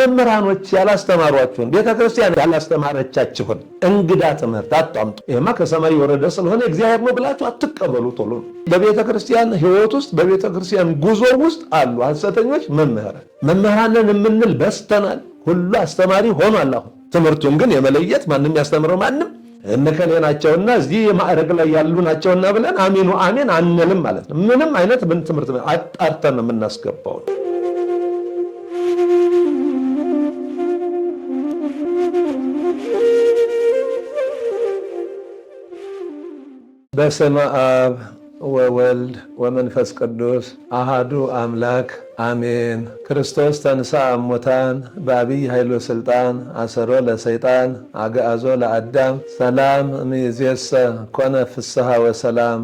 መምህራኖች ያላስተማሯችሁን ቤተ ክርስቲያን ያላስተማረቻችሁን እንግዳ ትምህርት አጣምጡ። ይህማ ከሰማይ የወረደ ስለሆነ እግዚአብሔር ነው ብላችሁ አትቀበሉ። ቶሎ በቤተ ክርስቲያን ሕይወት ውስጥ በቤተ ክርስቲያን ጉዞ ውስጥ አሉ ሐሰተኞች መምህራን። መምህራንን የምንል በስተናል፣ ሁሉ አስተማሪ ሆኗል። አሁን ትምህርቱን ግን የመለየት ማንም ያስተምረው ማንም እነከሌ ናቸውና እዚህ የማዕረግ ላይ ያሉ ናቸውና ብለን አሚኑ አሜን አንልም ማለት ነው። ምንም አይነት ምን ትምህርት አጣርተን ነው የምናስገባው። በስመ አብ ወወልድ ወመንፈስ ቅዱስ አሃዱ አምላክ አሜን። ክርስቶስ ተንሳ አሞታን በአቢይ ኃይሉ ስልጣን አሰሮ ለሰይጣን አግዓዞ ለአዳም ሰላም እምይእዜሰ ኮነ ፍስሐ ወሰላም።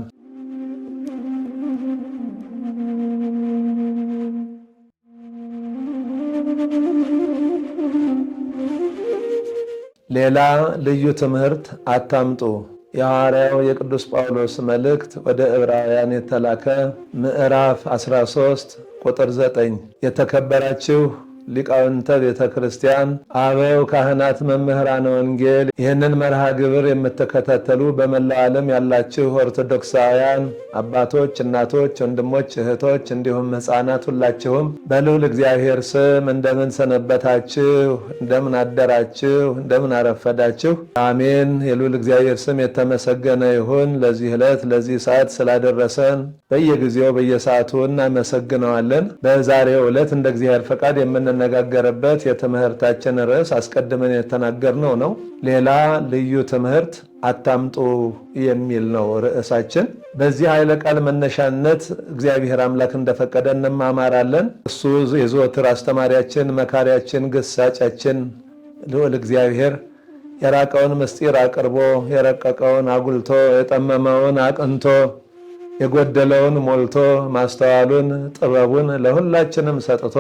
ሌላ ልዩ ትምህርት አታምጡ የሐዋርያው የቅዱስ ጳውሎስ መልእክት ወደ ዕብራውያን የተላከ ምዕራፍ 13 ቁጥር 9 የተከበራችሁ ሊቃውንተ ቤተ ክርስቲያን፣ አበው ካህናት፣ መምህራን ወንጌል ይህንን መርሃ ግብር የምትከታተሉ በመላው ዓለም ያላችሁ ኦርቶዶክሳውያን አባቶች፣ እናቶች፣ ወንድሞች፣ እህቶች እንዲሁም ሕፃናት ሁላችሁም በልዑል እግዚአብሔር ስም እንደምን ሰነበታችሁ? እንደምን አደራችሁ? እንደምን አረፈዳችሁ? አሜን። የልዑል እግዚአብሔር ስም የተመሰገነ ይሁን። ለዚህ ዕለት ለዚህ ሰዓት ስላደረሰን በየጊዜው በየሰዓቱ እናመሰግነዋለን። በዛሬው ዕለት እንደ እግዚአብሔር ፈቃድ የምን የምንነጋገርበት የትምህርታችን ርዕስ አስቀድመን የተናገርነው ነው። ሌላ ልዩ ትምህርት አታምጡ የሚል ነው ርዕሳችን። በዚህ ኃይለ ቃል መነሻነት እግዚአብሔር አምላክ እንደፈቀደ እንማማራለን። እሱ የዘወትር አስተማሪያችን፣ መካሪያችን፣ ግሳጫችን ልዑል እግዚአብሔር የራቀውን ምስጢር አቅርቦ የረቀቀውን አጉልቶ የጠመመውን አቅንቶ የጎደለውን ሞልቶ ማስተዋሉን ጥበቡን ለሁላችንም ሰጥቶ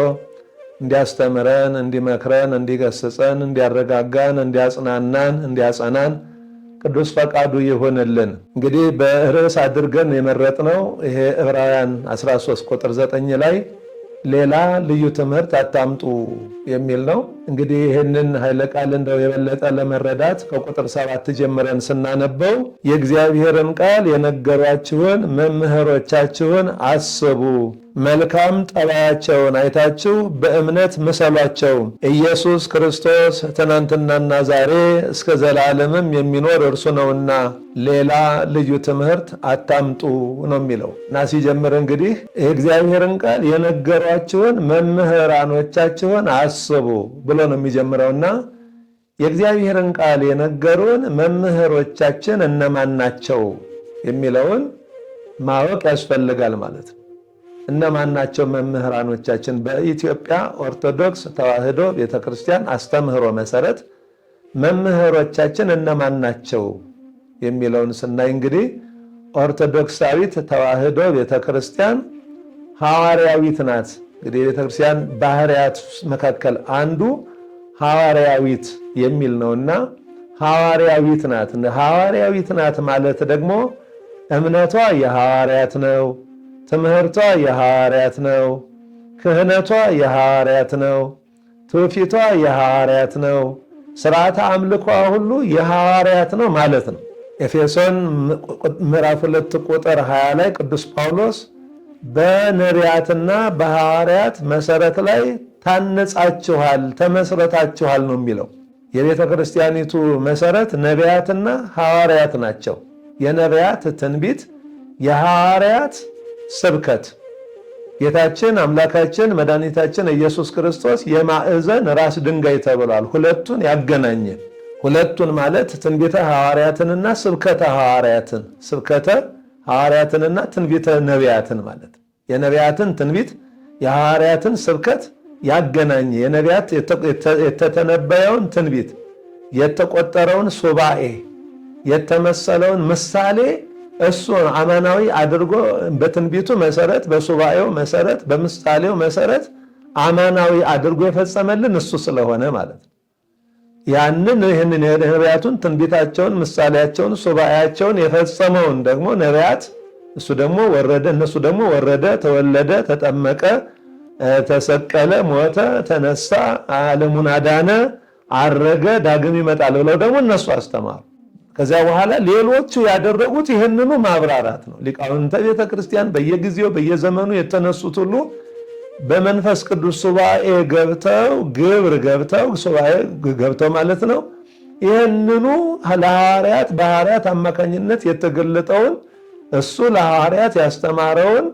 እንዲያስተምረን፣ እንዲመክረን፣ እንዲገስጸን፣ እንዲያረጋጋን፣ እንዲያጽናናን፣ እንዲያጸናን ቅዱስ ፈቃዱ ይሆንልን። እንግዲህ በርዕስ አድርገን የመረጥነው ይሄ ዕብራውያን 13 ቁጥር 9 ላይ ሌላ ልዩ ትምህርት አታምጡ የሚል ነው። እንግዲህ ይህንን ኃይለ ቃል እንደው የበለጠ ለመረዳት ከቁጥር ሰባት ጀምረን ስናነበው የእግዚአብሔርን ቃል የነገሯችሁን መምህሮቻችሁን አስቡ፣ መልካም ጠባያቸውን አይታችሁ በእምነት ምሰሏቸው። ኢየሱስ ክርስቶስ ትናንትናና ዛሬ እስከ ዘላለምም የሚኖር እርሱ ነውና ሌላ ልዩ ትምህርት አታምጡ ነው የሚለው እና ሲጀምር እንግዲህ የእግዚአብሔርን ቃል የነገሯችሁን መምህራኖቻችሁን አስቡ ብሎ ብሎ ነው የሚጀምረውና የእግዚአብሔርን ቃል የነገሩን መምህሮቻችን እነማን ናቸው የሚለውን ማወቅ ያስፈልጋል ማለት ነው። እነማን ናቸው መምህራኖቻችን? በኢትዮጵያ ኦርቶዶክስ ተዋሕዶ ቤተክርስቲያን አስተምህሮ መሰረት መምህሮቻችን እነማን ናቸው የሚለውን ስናይ እንግዲህ ኦርቶዶክሳዊት ተዋሕዶ ቤተክርስቲያን ሐዋርያዊት ናት። እንግዲህ የቤተክርስቲያን ባህርያት መካከል አንዱ ሐዋርያዊት የሚል ነውና ሐዋርያዊት ናት። ሐዋርያዊት ናት ማለት ደግሞ እምነቷ የሐዋርያት ነው፣ ትምህርቷ የሐዋርያት ነው፣ ክህነቷ የሐዋርያት ነው፣ ትውፊቷ የሐዋርያት ነው፣ ስርዓተ አምልኳ ሁሉ የሐዋርያት ነው ማለት ነው። ኤፌሶን ምዕራፍ ሁለት ቁጥር 20 ላይ ቅዱስ ጳውሎስ በነቢያትና በሐዋርያት መሰረት ላይ ታነጻችኋል፣ ተመስረታችኋል ነው የሚለው። የቤተ ክርስቲያኒቱ መሰረት ነቢያትና ሐዋርያት ናቸው። የነቢያት ትንቢት፣ የሐዋርያት ስብከት። ጌታችን አምላካችን መድኃኒታችን ኢየሱስ ክርስቶስ የማዕዘን ራስ ድንጋይ ተብሏል። ሁለቱን ያገናኘ ሁለቱን ማለት ትንቢተ ሐዋርያትንና ስብከተ ሐዋርያትን ስብከተ ሐዋርያትንና ትንቢተ ነቢያትን ማለት የነቢያትን ትንቢት የሐዋርያትን ስብከት ያገናኘ የነቢያት የተተነበየውን ትንቢት የተቆጠረውን ሱባኤ የተመሰለውን ምሳሌ እሱን አማናዊ አድርጎ በትንቢቱ መሰረት በሱባኤው መሰረት በምሳሌው መሰረት አማናዊ አድርጎ የፈጸመልን እሱ ስለሆነ ማለት ነው። ያንን ይህንን የነቢያቱን ትንቢታቸውን፣ ምሳሌያቸውን፣ ሱባኤያቸውን የፈጸመውን ደግሞ ነቢያት እሱ ደግሞ ወረደ እነሱ ደግሞ ወረደ፣ ተወለደ፣ ተጠመቀ ተሰቀለ፣ ሞተ፣ ተነሳ፣ ዓለሙን አዳነ፣ አረገ፣ ዳግም ይመጣል ብለው ደግሞ እነሱ አስተማሩ። ከዚያ በኋላ ሌሎቹ ያደረጉት ይህንኑ ማብራራት ነው። ሊቃውንተ ቤተ ክርስቲያን በየጊዜው በየዘመኑ የተነሱት ሁሉ በመንፈስ ቅዱስ ሱባኤ ገብተው ግብር ገብተው ሱባኤ ገብተው ማለት ነው ይህንኑ ለሐዋርያት በሐዋርያት አማካኝነት የተገለጠውን እሱ ለሐዋርያት ያስተማረውን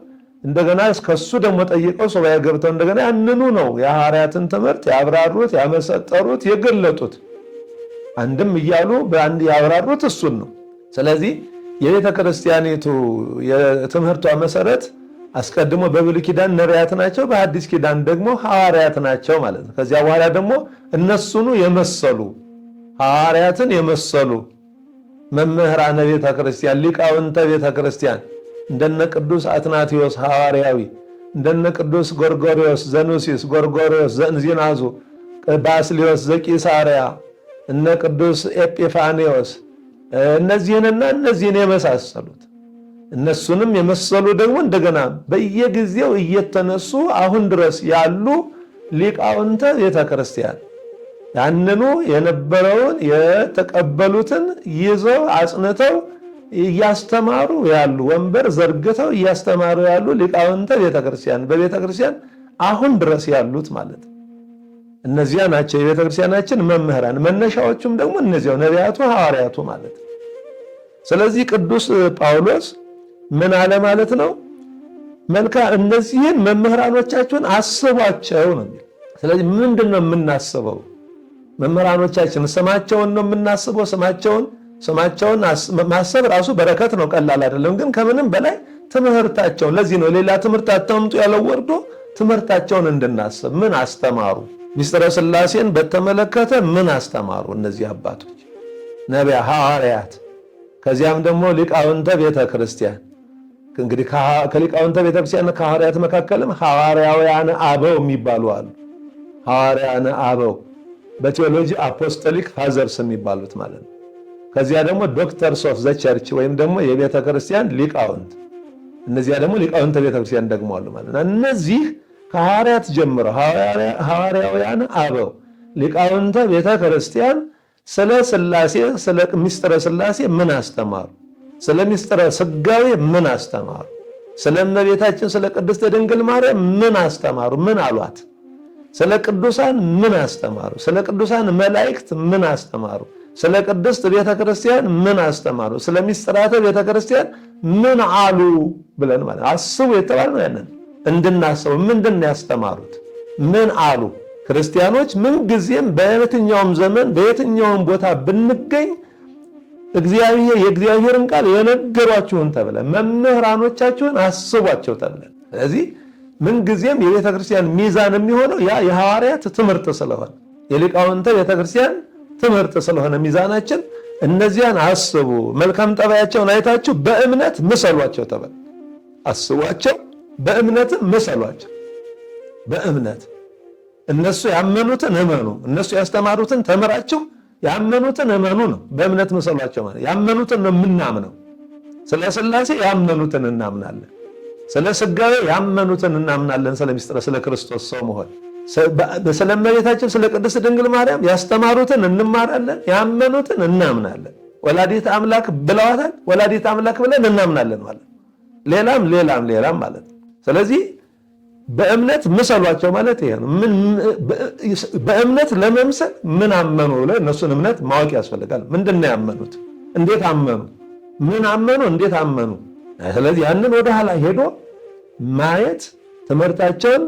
እንደገና ከሱ ደግሞ ጠይቀው ሱባኤ ገብተው እንደገና ያንኑ ነው የሐዋርያትን ትምህርት ያብራሩት፣ ያመሰጠሩት፣ የገለጡት አንድም እያሉ ያብራሩት እሱን ነው። ስለዚህ የቤተ ክርስቲያኒቱ የትምህርቷ መሰረት አስቀድሞ በብሉይ ኪዳን ነቢያት ናቸው፣ በአዲስ ኪዳን ደግሞ ሐዋርያት ናቸው ማለት ነው። ከዚያ በኋላ ደግሞ እነሱኑ የመሰሉ ሐዋርያትን የመሰሉ መምህራነ ቤተ ክርስቲያን ሊቃውንተ ቤተ ክርስቲያን እንደነ ቅዱስ አትናቴዎስ ሐዋርያዊ እንደነ ቅዱስ ጎርጎሪዎስ ዘኑሲስ፣ ጎርጎሪዎስ ዘእንዚናዙ፣ ባስሊዮስ ዘቂሳርያ፣ እነ ቅዱስ ኤጲፋኔዎስ እነዚህንና እነዚህን የመሳሰሉት እነሱንም የመሰሉ ደግሞ እንደገና በየጊዜው እየተነሱ አሁን ድረስ ያሉ ሊቃውንተ ቤተ ክርስቲያን ያንኑ የነበረውን የተቀበሉትን ይዘው አጽንተው እያስተማሩ ያሉ ወንበር ዘርግተው እያስተማሩ ያሉ ሊቃውንተ ቤተክርስቲያን በቤተክርስቲያን አሁን ድረስ ያሉት ማለት እነዚያ ናቸው የቤተክርስቲያናችን መምህራን። መነሻዎቹም ደግሞ እነዚያው ነቢያቱ፣ ሐዋርያቱ ማለት ስለዚህ ቅዱስ ጳውሎስ ምን አለ ማለት ነው? መልካ እነዚህን መምህራኖቻችሁን አስቧቸው ነው። ስለዚህ ምንድን ነው የምናስበው? መምህራኖቻችን ስማቸውን ነው የምናስበው ስማቸውን ስማቸውን ማሰብ ራሱ በረከት ነው፣ ቀላል አይደለም። ግን ከምንም በላይ ትምህርታቸውን ለዚህ ነው ሌላ ትምህርት አታምጡ ያለው ወርዶ ትምህርታቸውን እንድናስብ ምን አስተማሩ? ሚስጥረ ስላሴን በተመለከተ ምን አስተማሩ? እነዚህ አባቶች ነቢያ፣ ሐዋርያት ከዚያም ደግሞ ሊቃውንተ ቤተ ክርስቲያን እንግዲህ ከሊቃውንተ ቤተ ክርስቲያን ከሐዋርያት መካከልም ሐዋርያውያነ አበው የሚባሉ አሉ። ሐዋርያነ አበው በቴዎሎጂ አፖስቶሊክ ፋዘርስ የሚባሉት ማለት ነው። ከዚያ ደግሞ ዶክተርስ ኦፍ ዘ ቸርች ወይም ደግሞ የቤተ ክርስቲያን ሊቃውንት፣ እነዚያ ደግሞ ሊቃውንተ ቤተ ክርስቲያን ደግሞ አሉ ማለት ነው። እነዚህ ከሐዋርያት ጀምሮ ሐዋርያውያን አበው ሊቃውንተ ቤተ ክርስቲያን ስለ ስላሴ ስለ ሚስጥረ ስላሴ ምን አስተማሩ? ስለ ሚስጥረ ስጋዌ ምን አስተማሩ? ስለ እመቤታችን ስለ ቅድስት ድንግል ማርያም ምን አስተማሩ? ምን አሏት? ስለ ቅዱሳን ምን አስተማሩ? ስለ ቅዱሳን መላእክት ምን አስተማሩ? ስለ ቅድስት ቤተ ክርስቲያን ምን አስተማሩ? ስለ ሚስጥራተ ቤተ ክርስቲያን ምን አሉ? ብለን ማለት አስቡ የተባለ ነው። ያንን እንድናስቡ ምንድን ያስተማሩት ምን አሉ? ክርስቲያኖች ምንጊዜም በየትኛውም ዘመን በየትኛውም ቦታ ብንገኝ እግዚአብሔር የእግዚአብሔርን ቃል የነገሯችሁን ተብለን መምህራኖቻችሁን አስቧቸው ተብለ ስለዚህ ምንጊዜም የቤተክርስቲያን ሚዛን የሚሆነው ያ የሐዋርያት ትምህርት ስለሆነ የሊቃውንተ ክርስቲያን ትምህርት ስለሆነ ሚዛናችን እነዚያን አስቡ፣ መልካም ጠባያቸውን አይታችሁ በእምነት ምሰሏቸው ተባል። አስቧቸው፣ በእምነትም ምሰሏቸው። በእምነት እነሱ ያመኑትን እመኑ፣ እነሱ ያስተማሩትን ተምራችሁ ያመኑትን እመኑ ነው። በእምነት ምሰሏቸው ማለት ያመኑትን ነው የምናምነው። ስለ ስላሴ ያመኑትን እናምናለን። ስለ ሥጋዌ ያመኑትን እናምናለን። ስለ ስለ ክርስቶስ ሰው መሆን ስለ እመቤታችን ስለ ቅድስት ድንግል ማርያም ያስተማሩትን እንማራለን፣ ያመኑትን እናምናለን። ወላዲት አምላክ ብለዋታል፣ ወላዲት አምላክ ብለን እናምናለን ማለት ሌላም ሌላም ሌላም ማለት ነው። ስለዚህ በእምነት ምሰሏቸው ማለት ይሄ ነው። በእምነት ለመምሰል ምን አመኑ ብለን እነሱን እምነት ማወቅ ያስፈልጋል። ምንድን ነው ያመኑት? እንዴት አመኑ? ምን አመኑ? እንዴት አመኑ? ስለዚህ ያንን ወደ ኋላ ሄዶ ማየት ትምህርታቸውን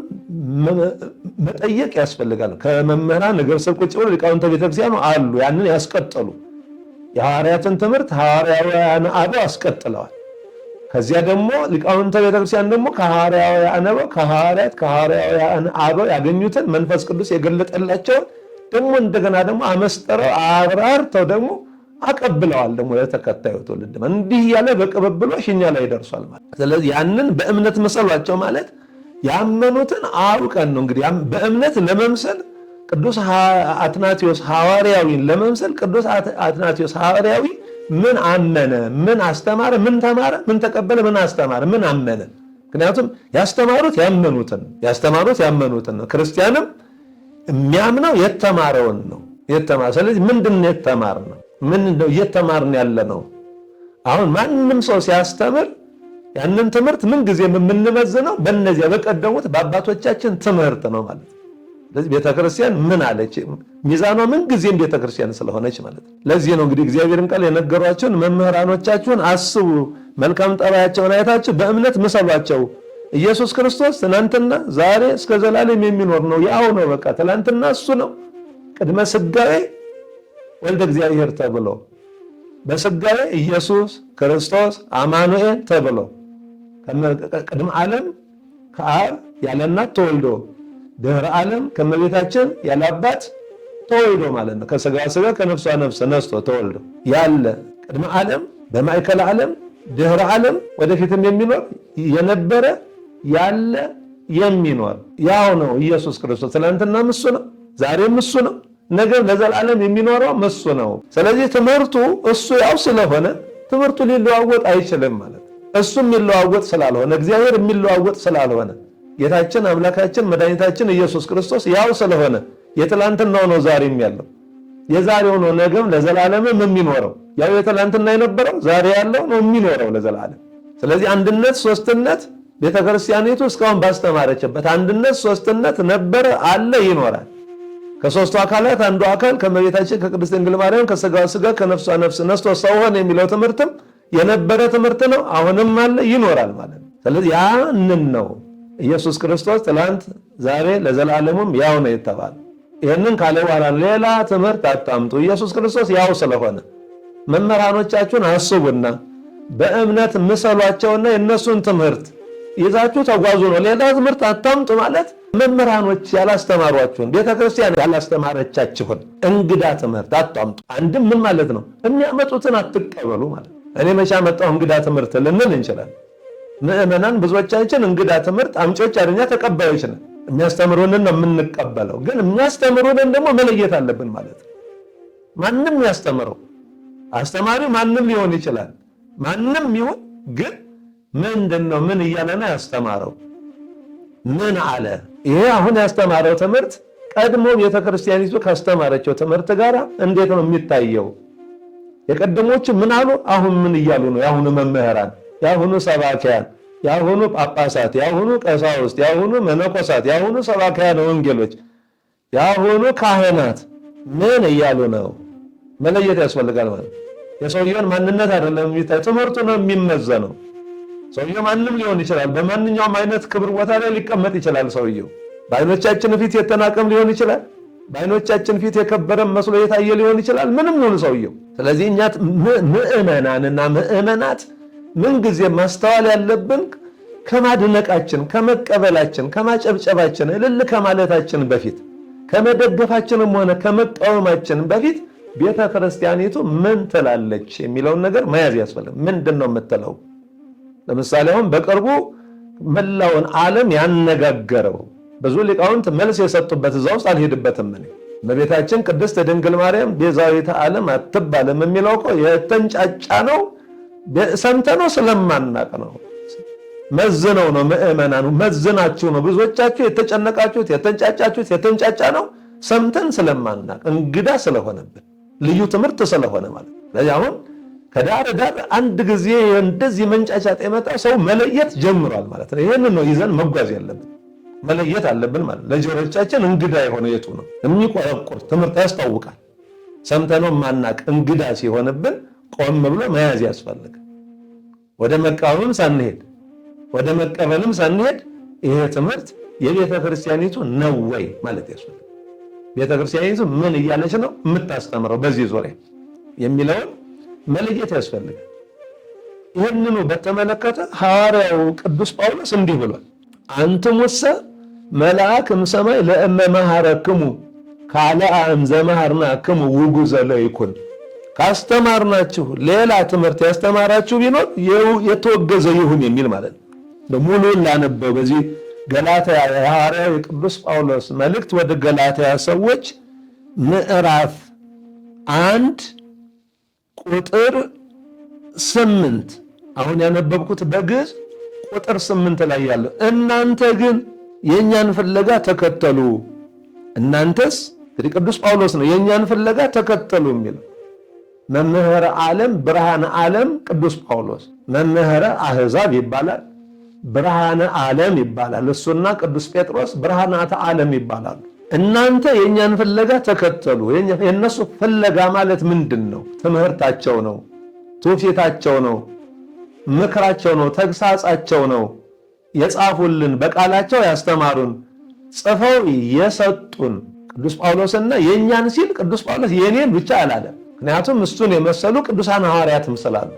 መጠየቅ ያስፈልጋል። ከመምህራን እግር ስር ቁጭ ብሎ ሊቃውንተ ቤተክርስቲያኑ አሉ። ያንን ያስቀጠሉ የሐዋርያትን ትምህርት ሐዋርያውያን አበው አስቀጥለዋል። ከዚያ ደግሞ ሊቃውንተ ቤተክርስቲያን ደግሞ ከሐዋርያውያን አበው ከሐዋርያት ከሐዋርያውያን አበው ያገኙትን መንፈስ ቅዱስ የገለጠላቸውን ደግሞ እንደገና ደግሞ አመስጠረው አብራርተው ደግሞ አቀብለዋል ደግሞ ለተከታዩ ትውልድ እንዲህ እያለ በቅብብሎሽ እኛ ላይ ደርሷል ማለት ስለዚህ ያንን በእምነት መሰሏቸው ማለት ያመኑትን አውቀን ነው እንግዲህ በእምነት ለመምሰል ቅዱስ አትናቴዎስ ሐዋርያዊን ለመምሰል ቅዱስ አትናቴዎስ ሐዋርያዊ ምን አመነ? ምን አስተማረ? ምን ተማረ? ምን ተቀበለ? ምን አስተማረ? ምን አመነ? ምክንያቱም ያስተማሩት ያመኑትን ያስተማሩት ያመኑትን ነው። ክርስቲያንም የሚያምነው የተማረውን ነው። ስለዚህ ምንድን የተማር ነው? እየተማርን ያለ ነው? አሁን ማንም ሰው ሲያስተምር ያንን ትምህርት ጊዜ የምንመዝነው በእነዚያ በቀደሙት በአባቶቻችን ትምህርት ነው ማለት ነው። ስለዚህ ቤተክርስቲያን ምን አለች? ሚዛኗ ምን ጊዜም ቤተክርስቲያን ስለሆነች ማለት ነው። ለዚህ ነው እንግዲህ እግዚአብሔርን ቃል የነገሯቸውን መምህራኖቻችሁን አስቡ፣ መልካም ጠባያቸውን አይታችሁ በእምነት ምሰሏቸው። ኢየሱስ ክርስቶስ ትናንትና ዛሬ እስከ ዘላለም የሚኖር ነው። ያው ነው በቃ። ትናንትና እሱ ነው ቅድመ ስጋዌ ወልደ እግዚአብሔር ተብሎ በስጋዌ ኢየሱስ ክርስቶስ አማኑኤል ተብሎ ቅድመ ዓለም ከአብ ያለ እናት ተወልዶ ድህረ ዓለም ከመቤታችን ያለ አባት ተወልዶ ማለት ነው። ከስጋ ስጋ ከነፍሷ ነፍስ ነስቶ ተወልዶ ያለ ቅድመ ዓለም በማዕከል ዓለም ድህረ ዓለም ወደፊትም የሚኖር የነበረ ያለ የሚኖር ያው ነው ኢየሱስ ክርስቶስ። ትናንትና እሱ ነው፣ ዛሬም እሱ ነው፣ ነገር ለዘላለም የሚኖረው እሱ ነው። ስለዚህ ትምህርቱ እሱ ያው ስለሆነ ትምህርቱ ሊለዋወጥ አይችልም ማለት ነው። እሱ የሚለዋወጥ ስላልሆነ እግዚአብሔር የሚለዋወጥ ስላልሆነ ጌታችን አምላካችን መድኃኒታችን ኢየሱስ ክርስቶስ ያው ስለሆነ የትላንትናው ነው ዛሬም ያለው የዛሬው ነው ነገም ለዘላለምም የሚኖረው ያው የትላንትና የነበረው ዛሬ ያለው ነው የሚኖረው ለዘላለም። ስለዚህ አንድነት ሶስትነት ቤተክርስቲያኒቱ እስካሁን ባስተማረችበት አንድነት ሶስትነት ነበረ፣ አለ፣ ይኖራል። ከሶስቱ አካላት አንዱ አካል ከመቤታችን ከቅድስት ድንግል ማርያም ከስጋዋ ስጋ ከነፍሷ ነፍስ ነስቶ ሰው ሆነ የሚለው ትምህርትም የነበረ ትምህርት ነው፣ አሁንም አለ፣ ይኖራል ማለት ነው። ስለዚህ ያንን ነው ኢየሱስ ክርስቶስ ትላንት፣ ዛሬ ለዘላለሙም ያው ነው የተባለ። ይህንን ካለ በኋላ ሌላ ትምህርት አታምጡ፣ ኢየሱስ ክርስቶስ ያው ስለሆነ መምህራኖቻችሁን አስቡና በእምነት ምሰሏቸውና የእነሱን ትምህርት ይዛችሁ ተጓዙ ነው። ሌላ ትምህርት አታምጡ ማለት መምህራኖች ያላስተማሯችሁን ቤተክርስቲያን ያላስተማረቻችሁን እንግዳ ትምህርት አታምጡ። አንድም ምን ማለት ነው? የሚያመጡትን አትቀበሉ ማለት እኔ መቻ መጣው እንግዳ ትምህርት ልንል እንችላል። ምዕመናን ብዙዎቻችን እንግዳ ትምህርት አምጪዎች አደኛ ተቀባዮች ነን። የሚያስተምሩንን ነው የምንቀበለው፣ ግን የሚያስተምሩንን ደግሞ መለየት አለብን ማለት ነው። ማንም የሚያስተምረው አስተማሪው ማንም ሊሆን ይችላል። ማንም ይሁን ግን ምንድን ነው ምን እያለ ነው ያስተማረው? ምን አለ? ይሄ አሁን ያስተማረው ትምህርት ቀድሞ ቤተክርስቲያኒቱ ካስተማረችው ትምህርት ጋር እንዴት ነው የሚታየው? የቀደሞች ምን አሉ? አሁን ምን እያሉ ነው? የአሁኑ መምህራን፣ የአሁኑ ሰባኪያን፣ የአሁኑ ጳጳሳት፣ የአሁኑ ቀሳውስት፣ የአሁኑ መነኮሳት፣ የአሁኑ ሰባኪያን ወንጌሎች፣ የአሁኑ ካህናት ምን እያሉ ነው? መለየት ያስፈልጋል። ማለት የሰውየውን ማንነት አይደለም የሚታይ ትምህርቱ ነው የሚመዘነው። ሰውየው ማንም ሊሆን ይችላል። በማንኛውም አይነት ክብር ቦታ ላይ ሊቀመጥ ይችላል። ሰውየው በአይኖቻችን ፊት የተናቀም ሊሆን ይችላል። በአይኖቻችን ፊት የከበረ መስሎ የታየ ሊሆን ይችላል። ምንም ሆኑ ሰውየው። ስለዚህ እኛ ምእመናት ምን ምንጊዜ ማስተዋል ያለብን ከማድነቃችን፣ ከመቀበላችን፣ ከማጨብጨባችን፣ እልል ከማለታችን በፊት ከመደገፋችንም ሆነ ከመቃወማችን በፊት ቤተ ክርስቲያኒቱ ምን ትላለች የሚለውን ነገር መያዝ ያስፈልግ። ምንድን ነው የምትለው? ለምሳሌ አሁን በቅርቡ መላውን ዓለም ያነጋገረው ብዙ ሊቃውንት መልስ የሰጡበት እዛ ውስጥ አልሄድበትም። እመቤታችን ቅድስት ድንግል ማርያም ቤዛዊተ ዓለም አትባልም የሚለው እኮ የተንጫጫ ነው፣ ሰምተነው ስለማናቅ ነው። መዝነው ነው ምእመናኑ፣ መዝናችሁ ነው። ብዙዎቻችሁ የተጨነቃችሁት የተንጫጫችሁት፣ የተንጫጫ ነው ሰምተን ስለማናቅ እንግዳ ስለሆነብን ልዩ ትምህርት ስለሆነ ማለት ነው። አሁን ከዳር ዳር አንድ ጊዜ እንደዚህ መንጫጫጥ የመጣ ሰው መለየት ጀምሯል ማለት ነው። ይህንን ነው ይዘን መጓዝ ያለብን። መለየት አለብን ማለት ለጆሮቻችን እንግዳ የሆነ የቱ ነው የሚቆረቁር ትምህርት ያስታውቃል ሰምተነው ማናቅ እንግዳ ሲሆንብን ቆም ብሎ መያዝ ያስፈልግ ወደ መቃወምም ሳንሄድ ወደ መቀበልም ሳንሄድ ይሄ ትምህርት የቤተ ክርስቲያኒቱ ነው ወይ ማለት ያስፈልግ ቤተ ክርስቲያኒቱ ምን እያለች ነው የምታስተምረው በዚህ ዙሪያ የሚለውን መለየት ያስፈልግ ይህንኑ በተመለከተ ሐዋርያው ቅዱስ ጳውሎስ እንዲህ ብሏል አንትሙሰ መልአክም ሰማይ ለእመ መሐረክሙ ካለ አእምዘ መሐርናክሙ ውጉዘ ለይኩን ካስተማርናችሁ ሌላ ትምህርት ያስተማራችሁ ቢኖር የተወገዘ ይሁን የሚል ማለት ነው። ሙሉን ላነበው በዚህ ገላትያ የሐዋርያው የቅዱስ ጳውሎስ መልእክት ወደ ገላትያ ሰዎች ምዕራፍ አንድ ቁጥር ስምንት አሁን ያነበብኩት በግዕዝ ቁጥር ስምንት ላይ ያለው እናንተ ግን የእኛን ፍለጋ ተከተሉ፣ እናንተስ እንግዲህ ቅዱስ ጳውሎስ ነው የእኛን ፍለጋ ተከተሉ የሚለው። መምህረ ዓለም ብርሃነ ዓለም ቅዱስ ጳውሎስ መምህረ አህዛብ ይባላል፣ ብርሃነ ዓለም ይባላል። እሱና ቅዱስ ጴጥሮስ ብርሃናተ ዓለም ይባላሉ። እናንተ የእኛን ፍለጋ ተከተሉ። የእነሱ ፍለጋ ማለት ምንድን ነው? ትምህርታቸው ነው፣ ትውፊታቸው ነው፣ ምክራቸው ነው፣ ተግሳጻቸው ነው የጻፉልን በቃላቸው ያስተማሩን ጽፈው የሰጡን ቅዱስ ጳውሎስና የእኛን ሲል ቅዱስ ጳውሎስ የኔን ብቻ አላለም። ምክንያቱም እሱን የመሰሉ ቅዱሳን ሐዋርያትም ስላሉ፣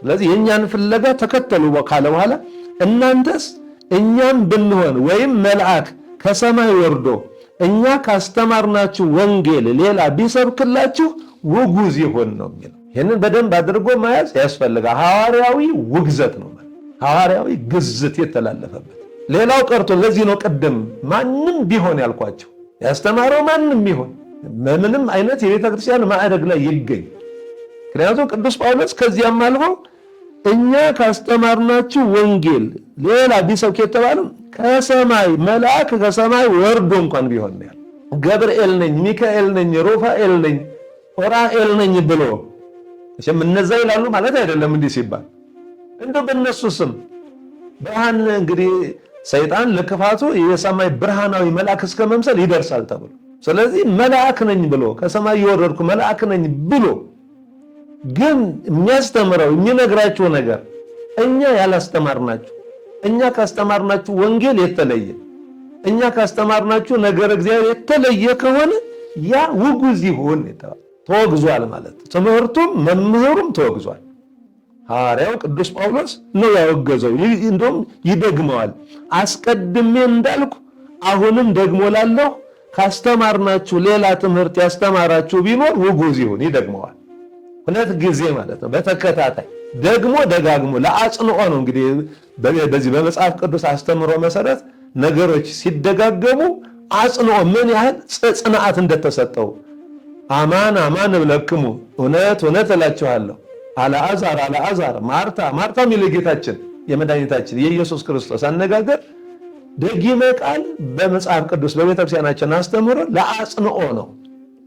ስለዚህ የእኛን ፍለጋ ተከተሉ ካለ በኋላ እናንተስ እኛም ብንሆን ወይም መልአክ ከሰማይ ወርዶ እኛ ካስተማርናችሁ ወንጌል ሌላ ቢሰብክላችሁ ውጉዝ ይሆን ነው የሚለው። ይህንን በደንብ አድርጎ መያዝ ያስፈልጋል። ሐዋርያዊ ውግዘት ነው። ሐዋርያዊ ግዝት የተላለፈበት። ሌላው ቀርቶ ለዚህ ነው ቀደም ማንም ቢሆን ያልኳቸው ያስተማረው ማንም ይሆን በምንም አይነት የቤተ ክርስቲያን ማዕረግ ላይ ይገኝ። ምክንያቱም ቅዱስ ጳውሎስ ከዚያም አልፎ እኛ ካስተማርናችሁ ወንጌል ሌላ ቢሰብክ የተባለም ከሰማይ መልአክ ከሰማይ ወርዶ እንኳን ቢሆን ያል ገብርኤል ነኝ፣ ሚካኤል ነኝ፣ ሩፋኤል ነኝ፣ ሆራኤል ነኝ ብሎ እነዛ ይላሉ ማለት አይደለም እንዲህ ሲባል እንዶ በእነሱ ስም ብርሃን እንግዲህ ሰይጣን ለክፋቱ የሰማይ ብርሃናዊ መልአክ እስከ መምሰል ይደርሳል ተብሎ ስለዚህ መልአክ ነኝ ብሎ ከሰማይ የወረድኩ መልአክ ነኝ ብሎ ግን የሚያስተምረው የሚነግራቸው ነገር እኛ ያላስተማርናችሁ እኛ ካስተማርናችሁ ወንጌል የተለየ እኛ ካስተማርናችሁ ነገር እግዚአብሔር የተለየ ከሆነ ያ ውጉዝ ይሁን ተወግዟል ማለት ትምህርቱም መምህሩም ተወግዟል። ሐዋርያው ቅዱስ ጳውሎስ ነው ያወገዘው። እንዲሁም ይደግመዋል። አስቀድሜ እንዳልኩ አሁንም ደግሞ ላለሁ ካስተማርናችሁ ሌላ ትምህርት ያስተማራችሁ ቢኖር ውጉዝ ይሁን። ይደግመዋል ሁለት ጊዜ ማለት ነው በተከታታይ ደግሞ ደጋግሞ ለአጽንኦ ነው። እንግዲህ በዚህ በመጽሐፍ ቅዱስ አስተምሮ መሰረት ነገሮች ሲደጋገሙ አጽንኦ ምን ያህል ጽንዓት እንደተሰጠው አማን አማን እብለክሙ እውነት እውነት እላችኋለሁ አለአዛር አልዓዛር ማርታ ማርታ የሚለው ጌታችን የመድኃኒታችን የኢየሱስ ክርስቶስ አነጋገር ደጊመ ቃል በመጽሐፍ ቅዱስ በቤተክርስቲያናችን አስተምሮ ለአጽንኦ ነው።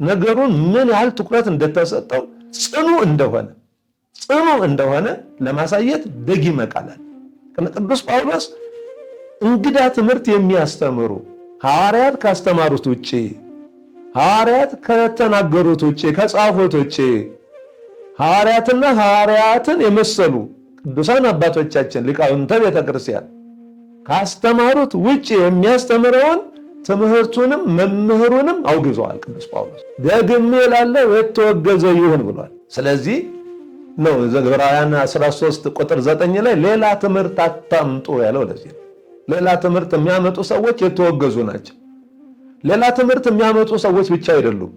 ነገሩን ምን ያህል ትኩረት እንደተሰጠው ጽኑ እንደሆነ ጽኑ እንደሆነ ለማሳየት ደጊመ ቃል ቅዱስ ጳውሎስ እንግዳ ትምህርት የሚያስተምሩ ሐዋርያት ካስተማሩት ውጭ ሐዋርያት ከተናገሩት ውጭ ከጻፉት ውጭ ሐዋርያትና ሐዋርያትን የመሰሉ ቅዱሳን አባቶቻችን ሊቃውንተ ቤተክርስቲያን ካስተማሩት ውጭ የሚያስተምረውን ትምህርቱንም መምህሩንም አውግዘዋል። ቅዱስ ጳውሎስ ደግሜ እላለሁ የተወገዘ ይሁን ብሏል። ስለዚህ ነው ዕብራውያን 13 ቁጥር 9 ላይ ሌላ ትምህርት አታምጡ ያለው። ለዚህ ሌላ ትምህርት የሚያመጡ ሰዎች የተወገዙ ናቸው። ሌላ ትምህርት የሚያመጡ ሰዎች ብቻ አይደሉም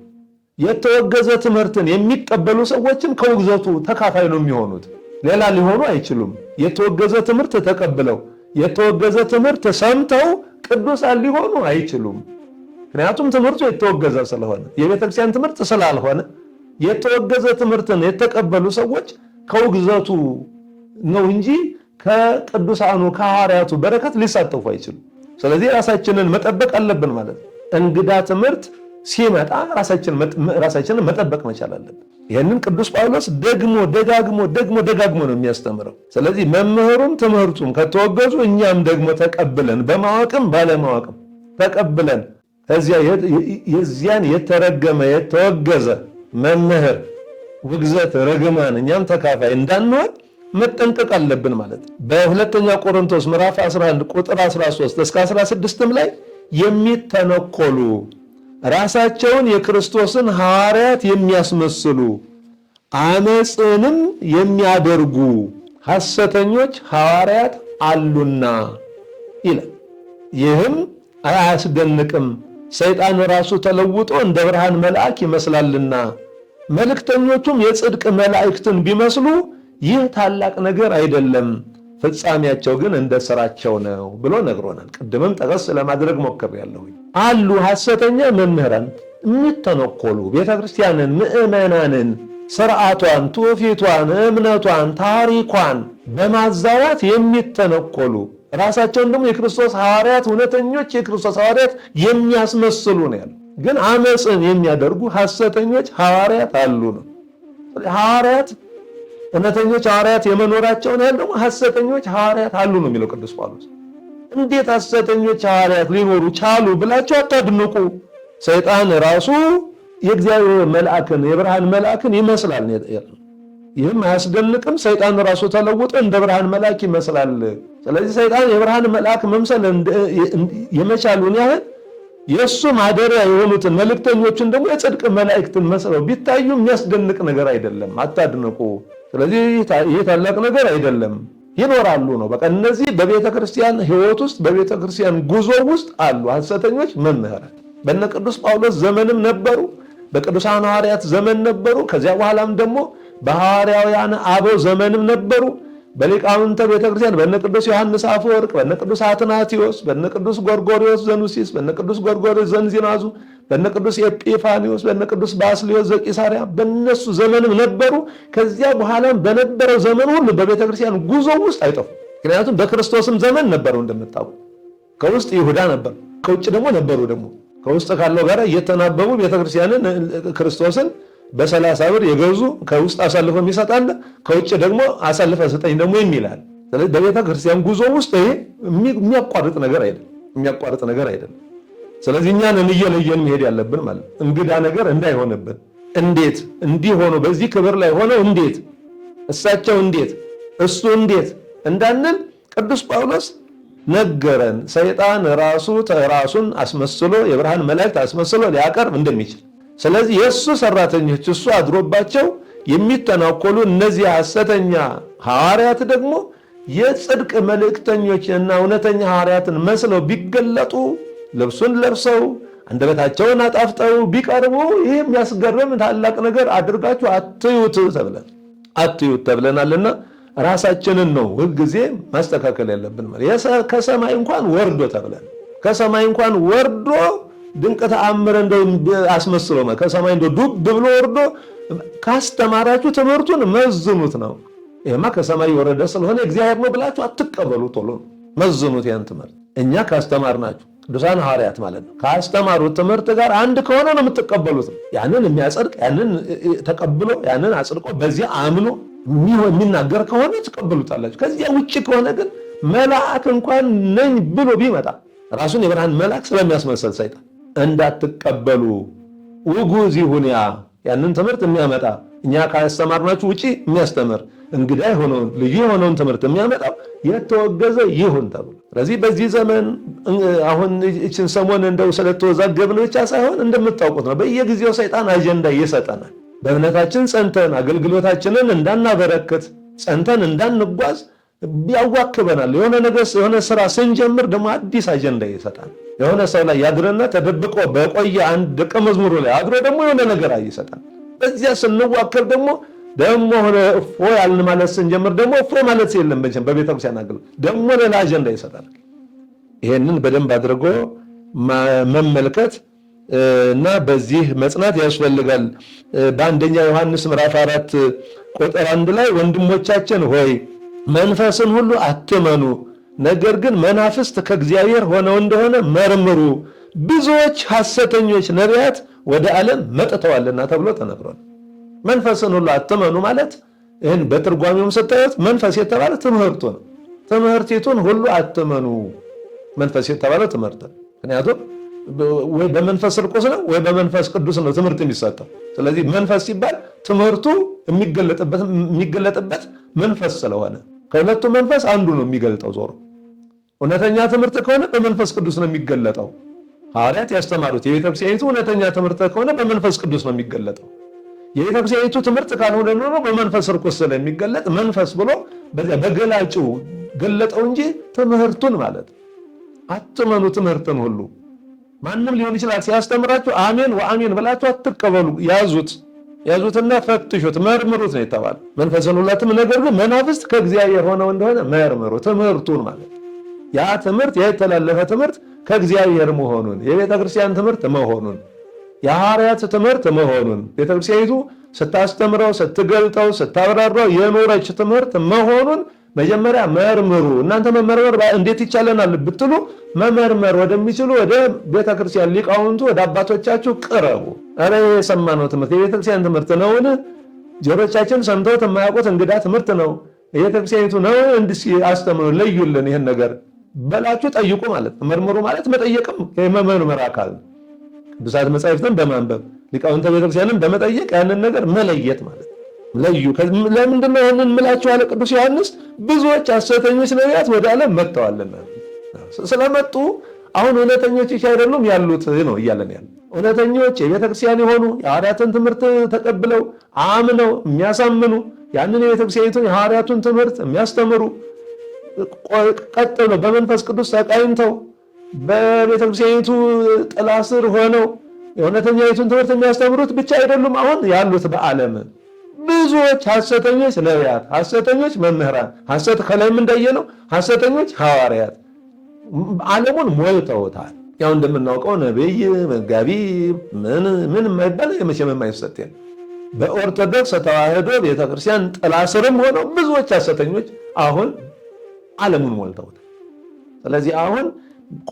የተወገዘ ትምህርትን የሚቀበሉ ሰዎችም ከውግዘቱ ተካፋይ ነው የሚሆኑት። ሌላ ሊሆኑ አይችሉም። የተወገዘ ትምህርት ተቀብለው የተወገዘ ትምህርት ሰምተው ቅዱሳን ሊሆኑ አይችሉም። ምክንያቱም ትምህርቱ የተወገዘ ስለሆነ የቤተክርስቲያን ትምህርት ስላልሆነ የተወገዘ ትምህርትን የተቀበሉ ሰዎች ከውግዘቱ ነው እንጂ ከቅዱሳኑ ከሐዋርያቱ በረከት ሊሳተፉ አይችሉም። ስለዚህ ራሳችንን መጠበቅ አለብን ማለት ነው። እንግዳ ትምህርት ሲመጣ ራሳችንን መጠበቅ መቻል አለብን። ይህንን ቅዱስ ጳውሎስ ደግሞ ደጋግሞ ደግሞ ደጋግሞ ነው የሚያስተምረው። ስለዚህ መምህሩም ትምህርቱም ከተወገዙ እኛም ደግሞ ተቀብለን በማወቅም ባለማወቅም ተቀብለን የዚያን የተረገመ የተወገዘ መምህር ውግዘት ርግማን እኛም ተካፋይ እንዳንሆን መጠንቀቅ አለብን ማለት ነው። በሁለተኛ ቆሮንቶስ ምዕራፍ 11 ቁጥር 13 እስከ 16ም ላይ የሚተነኮሉ ራሳቸውን የክርስቶስን ሐዋርያት የሚያስመስሉ አመፅንም የሚያደርጉ ሐሰተኞች ሐዋርያት አሉና ይላል። ይህም አያስደንቅም፣ ሰይጣን ራሱ ተለውጦ እንደ ብርሃን መልአክ ይመስላልና፣ መልእክተኞቹም የጽድቅ መላእክትን ቢመስሉ ይህ ታላቅ ነገር አይደለም። ፍጻሜያቸው ግን እንደ ስራቸው ነው ብሎ ነግሮናል። ቅድምም ጠቀስ ለማድረግ ሞክሬያለሁ። አሉ ሐሰተኛ መምህራን የሚተነኮሉ ቤተክርስቲያንን፣ ምዕመናንን፣ ስርዓቷን፣ ትውፊቷን፣ እምነቷን፣ ታሪኳን በማዛባት የሚተነኮሉ ራሳቸውን ደግሞ የክርስቶስ ሐዋርያት እውነተኞች የክርስቶስ ሐዋርያት የሚያስመስሉ ነው ያሉ ግን አመፅን የሚያደርጉ ሐሰተኞች ሐዋርያት አሉ ነው ሐዋርያት እውነተኞች ሐዋርያት የመኖራቸውን ያህል ደግሞ ሐሰተኞች ሐዋርያት አሉ ነው የሚለው ቅዱስ ጳውሎስ። እንዴት ሐሰተኞች ሐዋርያት ሊኖሩ ቻሉ ብላችሁ አታድንቁ። ሰይጣን ራሱ የእግዚአብሔር መልአክን የብርሃን መልአክን ይመስላል። ይህም አያስደንቅም። ሰይጣን ራሱ ተለውጦ እንደ ብርሃን መልአክ ይመስላል። ስለዚህ ሰይጣን የብርሃን መልአክ መምሰል የመቻሉን ያህል የእሱ ማደሪያ የሆኑትን መልእክተኞችን ደግሞ የጽድቅ መላእክትን መስለው ቢታዩ የሚያስደንቅ ነገር አይደለም። አታድንቁ። ስለዚህ ይሄ ታላቅ ነገር አይደለም፣ ይኖራሉ ነው። በቃ እነዚህ በቤተ ክርስቲያን ሕይወት ውስጥ በቤተ ክርስቲያን ጉዞ ውስጥ አሉ ሐሰተኞች መምህራን። በነ ቅዱስ ጳውሎስ ዘመንም ነበሩ፣ በቅዱሳን ሐዋርያት ዘመን ነበሩ። ከዚያ በኋላም ደግሞ በሐዋርያውያን አበው ዘመንም ነበሩ። በሊቃውንተ ቤተ ክርስቲያን በነ ቅዱስ ዮሐንስ አፈወርቅ፣ በነ ቅዱስ አትናቴዎስ፣ በነ ቅዱስ ጎርጎሪዎስ ዘኑሲስ፣ በነ ቅዱስ ጎርጎሪዎስ ዘንዚናዙ በነ ቅዱስ ኤጲፋኒዎስ በነ ቅዱስ ባስሊዮስ ዘቂሳሪያ በነሱ ዘመንም ነበሩ። ከዚያ በኋላም በነበረው ዘመን ሁሉ በቤተክርስቲያን ጉዞ ውስጥ አይጠፉ። ምክንያቱም በክርስቶስም ዘመን ነበሩ። እንደምታውቁ ከውስጥ ይሁዳ ነበር፣ ከውጭ ደግሞ ነበሩ። ደግሞ ከውስጥ ካለው ጋር እየተናበቡ ቤተክርስቲያንን ክርስቶስን በሰላሳ ብር የገዙ ከውስጥ አሳልፎ የሚሰጣለ ከውጭ ደግሞ አሳልፈ ስጠኝ ደግሞ የሚላል። ስለዚህ በቤተክርስቲያን ጉዞ ውስጥ ይሄ የሚያቋርጥ ነገር አይደለም፣ የሚያቋርጥ ነገር አይደለም። ስለዚህ እኛን እየለየን መሄድ ያለብን ማለት እንግዳ ነገር እንዳይሆንብን። እንዴት እንዲህ ሆኖ በዚህ ክብር ላይ ሆነው እንዴት እሳቸው እንዴት እሱ እንዴት እንዳንል ቅዱስ ጳውሎስ ነገረን። ሰይጣን ራሱ ራሱን አስመስሎ የብርሃን መላእክት አስመስሎ ሊያቀርብ እንደሚችል ስለዚህ የእሱ ሰራተኞች እሱ አድሮባቸው የሚተናኮሉ እነዚህ ሐሰተኛ ሐዋርያት ደግሞ የጽድቅ መልእክተኞች እና እውነተኛ ሐዋርያትን መስለው ቢገለጡ ልብሱን ለብሰው አንደበታቸውን አጣፍጠው ቢቀርቡ ይህ የሚያስገርም ታላቅ ነገር አድርጋችሁ አትዩት ተብለን አትዩት ተብለናልና ራሳችንን ነው ሁልጊዜ ማስተካከል ያለብን። ከሰማይ እንኳን ወርዶ ተብለን ከሰማይ እንኳን ወርዶ ድንቅ ተአምር እንደ አስመስሎ ከሰማይ እንደ ዱብ ብሎ ወርዶ ካስተማራችሁ ትምህርቱን መዝኑት ነው። ይህማ ከሰማይ የወረደ ስለሆነ እግዚአብሔር ነው ብላችሁ አትቀበሉ። ቶሎ መዝኑት ያን ትምህርት እኛ ካስተማርናችሁ ቅዱሳን ሐዋርያት ማለት ነው። ካስተማሩት ትምህርት ጋር አንድ ከሆነ ነው የምትቀበሉት። ያንን የሚያጸድቅ ያንን ተቀብሎ ያንን አጽድቆ በዚያ አምኖ የሚናገር ከሆነ ትቀበሉታላችሁ። ከዚያ ውጭ ከሆነ ግን መልአክ እንኳን ነኝ ብሎ ቢመጣ ራሱን የብርሃን መልአክ ስለሚያስመሰል ሰይጣን እንዳትቀበሉ። ውጉዝ ይሁን ያ ያንን ትምህርት የሚያመጣ እኛ ካስተማርናችሁ ውጪ የሚያስተምር እንግዳ የሆነውን ልዩ የሆነውን ትምህርት የሚያመጣው የተወገዘ ይሁን ተብሎ ስለዚህ በዚህ ዘመን አሁን ይችን ሰሞን እንደው ስለተወዛገብን ብቻ ሳይሆን እንደምታውቁት ነው፣ በየጊዜው ሰይጣን አጀንዳ እየሰጠናል። በእምነታችን ጸንተን አገልግሎታችንን እንዳናበረክት ጸንተን እንዳንጓዝ ያዋክበናል። የሆነ ነገር የሆነ ስራ ስንጀምር ደግሞ አዲስ አጀንዳ ይሰጣል። የሆነ ሰው ላይ ያድረና ተደብቆ በቆየ አንድ ደቀ መዝሙሩ ላይ አድሮ ደግሞ የሆነ ነገር ይሰጣል። በዚያ ስንዋከብ ደግሞ ደግሞ ሆነ እፎ ያልን ማለት ስንጀምር ደግሞ እፎ ማለት የለም መቼም በቤተ ክርስቲያን አገል ደግሞ ሌላ አጀንዳ ይሰጣል። ይሄንን በደንብ አድርጎ መመልከት እና በዚህ መጽናት ያስፈልጋል። በአንደኛ ዮሐንስ ምዕራፍ አራት ቁጥር አንድ ላይ ወንድሞቻችን ሆይ መንፈስን ሁሉ አትመኑ፣ ነገር ግን መናፍስት ከእግዚአብሔር ሆነው እንደሆነ መርምሩ፣ ብዙዎች ሐሰተኞች ነቢያት ወደ ዓለም መጥተዋልና ተብሎ ተነግሯል። መንፈስን ሁሉ አትመኑ ማለት ይህን በትርጓሚውም ስታዩት መንፈስ የተባለ ትምህርቱ ነው። ትምህርቲቱን ሁሉ አትመኑ መንፈስ የተባለ ትምህርት ምክንያቱም ወይ በመንፈስ ርቁስ ነው ወይ በመንፈስ ቅዱስ ነው ትምህርት የሚሰጠው። ስለዚህ መንፈስ ሲባል ትምህርቱ የሚገለጥበት መንፈስ ስለሆነ ከሁለቱ መንፈስ አንዱ ነው የሚገልጠው። ዞሮ እውነተኛ ትምህርት ከሆነ በመንፈስ ቅዱስ ነው የሚገለጠው። ሐዋርያት ያስተማሩት የቤተክርስቲያኒቱ እውነተኛ ትምህርት ከሆነ በመንፈስ ቅዱስ ነው የሚገለጠው። የቤተክርስቲያኒቱ ትምህርት ካልሆነ ደግሞ በመንፈስ ርኩስ ስለሚገለጥ መንፈስ ብሎ በገላጩ ገለጠው እንጂ ትምህርቱን ማለት አትመኑ። ትምህርትን ሁሉ ማንም ሊሆን ይችላል ሲያስተምራችሁ አሜን ወአሜን ብላችሁ አትቀበሉ። ያዙት ያዙትና ፈትሹት፣ መርምሩት ነው የተባለ መንፈስን ሁላትም ነገር ግን መናፍስት ከእግዚአብሔር ሆነው እንደሆነ መርምሩ። ትምህርቱን ማለት ያ ትምህርት የተላለፈ ትምህርት ከእግዚአብሔር መሆኑን የቤተክርስቲያን ትምህርት መሆኑን የሐዋርያት ትምህርት መሆኑን ቤተክርስቲያኒቱ ስታስተምረው፣ ስትገልጠው፣ ስታብራራው የኖረች ትምህርት መሆኑን መጀመሪያ መርምሩ። እናንተ መመርመር እንዴት ይቻለናል ብትሉ መመርመር ወደሚችሉ ወደ ቤተክርስቲያን ሊቃውንቱ ወደ አባቶቻችሁ ቅረቡ። ኧረ የሰማነው ትምህርት የቤተክርስቲያን ትምህርት ነውን? ጆሮቻችን ሰምተውት የማያውቁት እንግዳ ትምህርት ነው የቤተክርስቲያኒቱ ነው እንዲ አስተምሩ፣ ለዩልን፣ ይህን ነገር በላችሁ ጠይቁ ማለት መርምሩ ማለት መጠየቅም የመመርመር አካል ነው። ቅዱሳት መጻሕፍትን በማንበብ ሊቃውንተ ቤተክርስቲያንን በመጠየቅ ያንን ነገር መለየት ማለት ለዩ ለምንድን ነው ይህንን ምላችሁ አለ ቅዱስ ዮሐንስ፣ ብዙዎች ሐሰተኞች ነቢያት ወደ ዓለም መጥተዋልና ስለመጡ አሁን እውነተኞች ይቻ አይደሉም ያሉት ነው እያለን ያለ እውነተኞች የቤተክርስቲያን የሆኑ የሐዋርያትን ትምህርት ተቀብለው አምነው የሚያሳምኑ ያንን የቤተክርስቲያኒቱን የሐዋርያቱን ትምህርት የሚያስተምሩ ቀጥሎ በመንፈስ ቅዱስ ተቃኝተው በቤተክርስቲያኒቱ ጥላ ስር ሆነው የእውነተኛዊቱን ትምህርት የሚያስተምሩት ብቻ አይደሉም። አሁን ያሉት በዓለም ብዙዎች ሐሰተኞች ነቢያት፣ ሐሰተኞች መምህራን፣ ሐሰት ከላይም እንዳየነው ሐሰተኞች ሐዋርያት ዓለሙን ሞልተውታል። ያው እንደምናውቀው ነቢይ፣ መጋቢ ምን ምን የማይባል መቼም የማይሰጥ በኦርቶዶክስ ተዋህዶ ቤተክርስቲያን ጥላ ስርም ሆነው ብዙዎች ሐሰተኞች አሁን ዓለሙን ሞልተውታል። ስለዚህ አሁን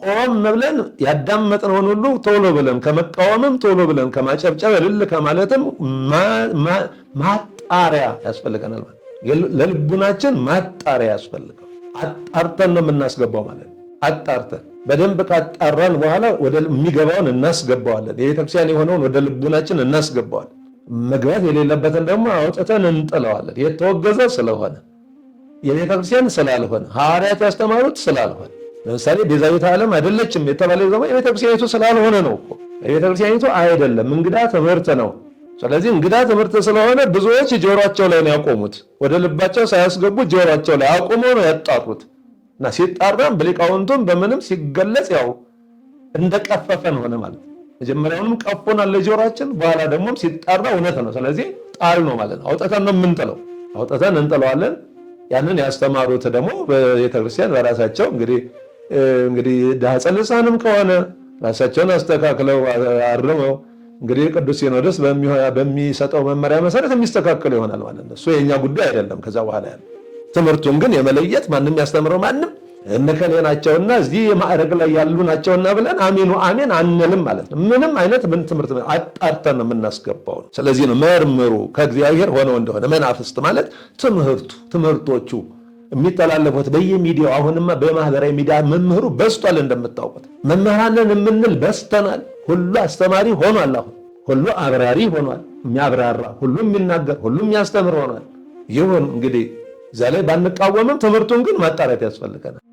ቆም ብለን ያዳመጥነውን ሁሉ ቶሎ ብለን ከመቃወምም ቶሎ ብለን ከማጨብጨብ እልል ከማለትም ማጣሪያ ያስፈልገናል። ለልቡናችን ማጣሪያ ያስፈልገው አጣርተን ነው የምናስገባው ማለት አጣርተን በደንብ ካጣራን በኋላ ወደ የሚገባውን እናስገባዋለን። የቤተክርስቲያን የሆነውን ወደ ልቡናችን እናስገባዋለን። መግባት የሌለበትን ደግሞ አውጥተን እንጥለዋለን። የተወገዘ ስለሆነ የቤተክርስቲያን ስላልሆነ ሐዋርያት ያስተማሩት ስላልሆነ ለምሳሌ ቤዛዊተ ዓለም አይደለችም የተባለው ደግሞ የቤተክርስቲያኒቱ ስላልሆነ ነው እኮ የቤተክርስቲያኒቱ አይደለም፣ እንግዳ ትምህርት ነው። ስለዚህ እንግዳ ትምህርት ስለሆነ ብዙዎች ጆሯቸው ላይ ነው ያቆሙት፣ ወደ ልባቸው ሳያስገቡ ጆሯቸው ላይ አቁመው ነው ያጣሩት። እና ሲጣራም በሊቃውንቱም በምንም ሲገለጽ ያው እንደቀፈፈን ሆነ ማለት መጀመሪያውንም ቀፎናል ለጆሯችን፣ በኋላ ደግሞም ሲጣራ እውነት ነው። ስለዚህ ጣል ነው ማለት ነው። አውጥተን ነው የምንጥለው፣ አውጥተን እንጥለዋለን። ያንን ያስተማሩት ደግሞ ቤተክርስቲያን በራሳቸው እንግዲህ እንግዲህ ዳጸ ልሳንም ከሆነ ራሳቸውን አስተካክለው አርመው እንግዲህ ቅዱስ ሲኖዶስ በሚሰጠው መመሪያ መሰረት የሚስተካከሉ ይሆናል ማለት ነው። እሱ የእኛ ጉዳይ አይደለም። ከዛ በኋላ ያለ ትምህርቱን ግን የመለየት ማንም ያስተምረው ማንም እነከሌ ናቸውና እዚህ ማዕረግ ላይ ያሉ ናቸውና ብለን አሜኑ አሜን አንልም ማለት ነው። ምንም አይነት ምን ትምህርት አጣርተን ነው የምናስገባው። ስለዚህ ነው መርምሩ ከእግዚአብሔር ሆነው እንደሆነ መናፍስት ማለት ትምህርቱ ትምህርቶቹ የሚተላለፉት በየሚዲያው አሁንማ በማህበራዊ ሚዲያ መምህሩ በስቷል እንደምታውቁት መምህራንን የምንል በስተናል ሁሉ አስተማሪ ሆኗል። አሁን ሁሉ አብራሪ ሆኗል። የሚያብራራ ሁሉ የሚናገር ሁሉ የሚያስተምር ሆኗል። ይሁን እንግዲህ እዛ ላይ ባንቃወምም ትምህርቱን ግን ማጣራት ያስፈልገናል።